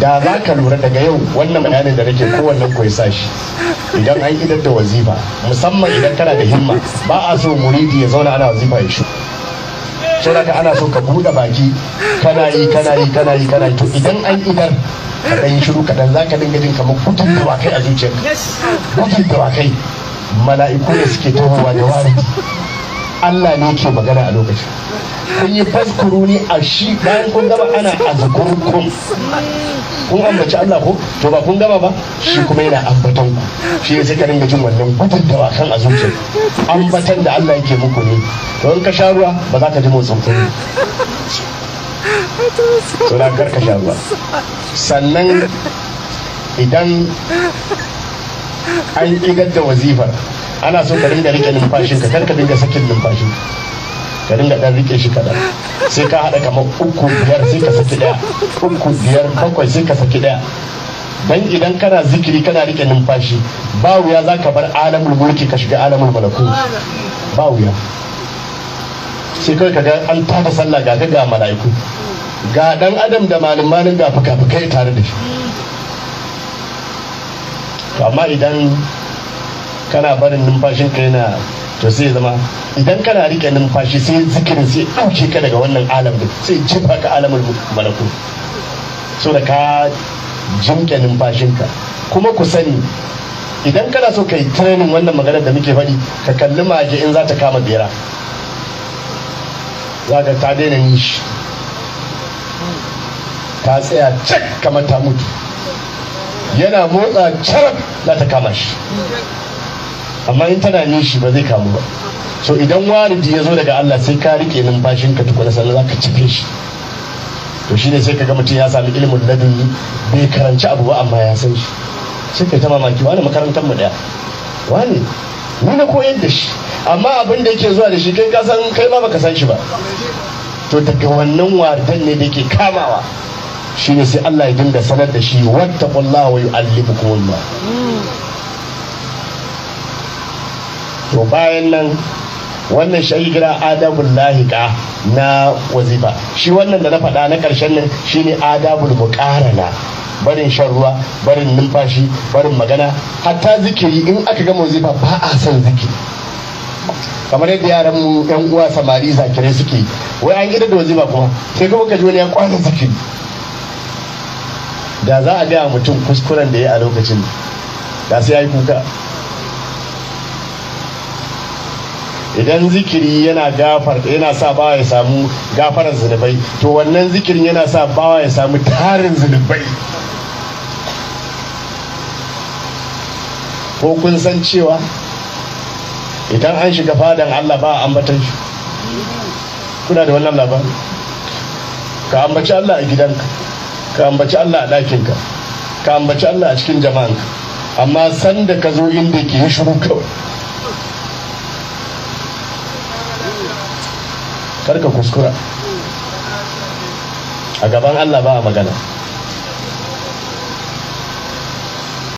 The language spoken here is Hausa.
da za ka lura daga yau wannan bayanin da nake kowannan ko ya shi idan an idar da wazifa musamman idan kana da himma ba a so muridi ya zauna ana wazifa ya shi sai ka ana so ka buɗe baki kana yi kana yi kana yi kana yi to idan an idar ka ɗan shiru kaɗan za ka dinga jin kamar gudun kai a zuciyarka gudun mala'iku ne suke tohowa da wari Allah ne ke magana a lokacin kun yi faskuru ne a shi bayan kun gaba ana azkurkum kun ambaci Allah ko to ba kun gaba ba shi kuma yana ambaton ku shi yasa ka ringa jin wannan gudun da wasan a zuciya ambatan da Allah yake muku ne to in ka sha ruwa ba za ka ji motsin kuma to na karka sha ruwa sannan idan an ƙigar da wazifar ana so ka dinga rike numfashin ka kar ka dinga sakin numfashin ka dinga dan rike shi kadan sai ka hada kamar uku biyar sai ka saki daya uku biyar bakwai sai ka saki daya dan idan kana zikiri kana rike numfashi ba wuya za ka bar alamul mulki ka shiga alamul malaku ba wuya sai ka kaga an tada sallah ga ga mala'iku ga dan adam da malumanin ga fuka-fukai tare da shi amma idan kana barin numfashin ka yana to sai zama idan kana rike numfashi sai zikirin sai dauke ka daga wannan alam sai jefa ka alamul malaku so da ka numfashin ka kuma ku sani idan kana so ka yi training wannan magana da muke faɗi ka kalli mage in za ta kama bera za ka ta daina nishi ta tsaya cak kamar ta mutu yana motsa carab za ta kama shi amma in tana nishi ba zai kamu ba so idan waridi ya zo daga Allah sai ka rike numfashinka tukuna sannan za ka cife shi to shi ne sai ka ga mutum ya sami ilimin laduni bai karanci abu ba amma ya san shi sai ka ta mamaki wani makarantar mu daya wani ni na koyar da shi amma abin da yake zuwa da shi kai ka san kai ma baka san shi ba to daga wannan waridan ne da ke kamawa shi ne sai Allah ya dinga sanar da shi wattaqullaha wa ma. to bayan nan wannan shagira adabul lahika na wazifa shi wannan da na faɗa na ƙarshen nan shine adabul na. barin shan ruwa barin numfashi barin magana hatta zikiri in aka gama wazifa ba a son zikiri kamar yadda yaran mu yan uwa samari zakirai suke wai an gida da wazifa kuma sai kuma ka ji wani ya kwana zikiri da za a gaya mutum kuskuren da ya a lokacin da sai ya yi kuka idan zikiri yana gafar yana sa bawa ya samu gafarar zunubai to wannan zikirin yana sa bawa ya samu tarin zunubai ko kun san cewa idan an shiga fadan Allah ba a ambatan shi kuna da wannan labari ka ambaci Allah a gidanka ka ambaci Allah a ɗakinka ka ambaci Allah a cikin jama'anka amma sanda ka zo inda ke shiru kawai karka kuskura a gaban Allah ba a magana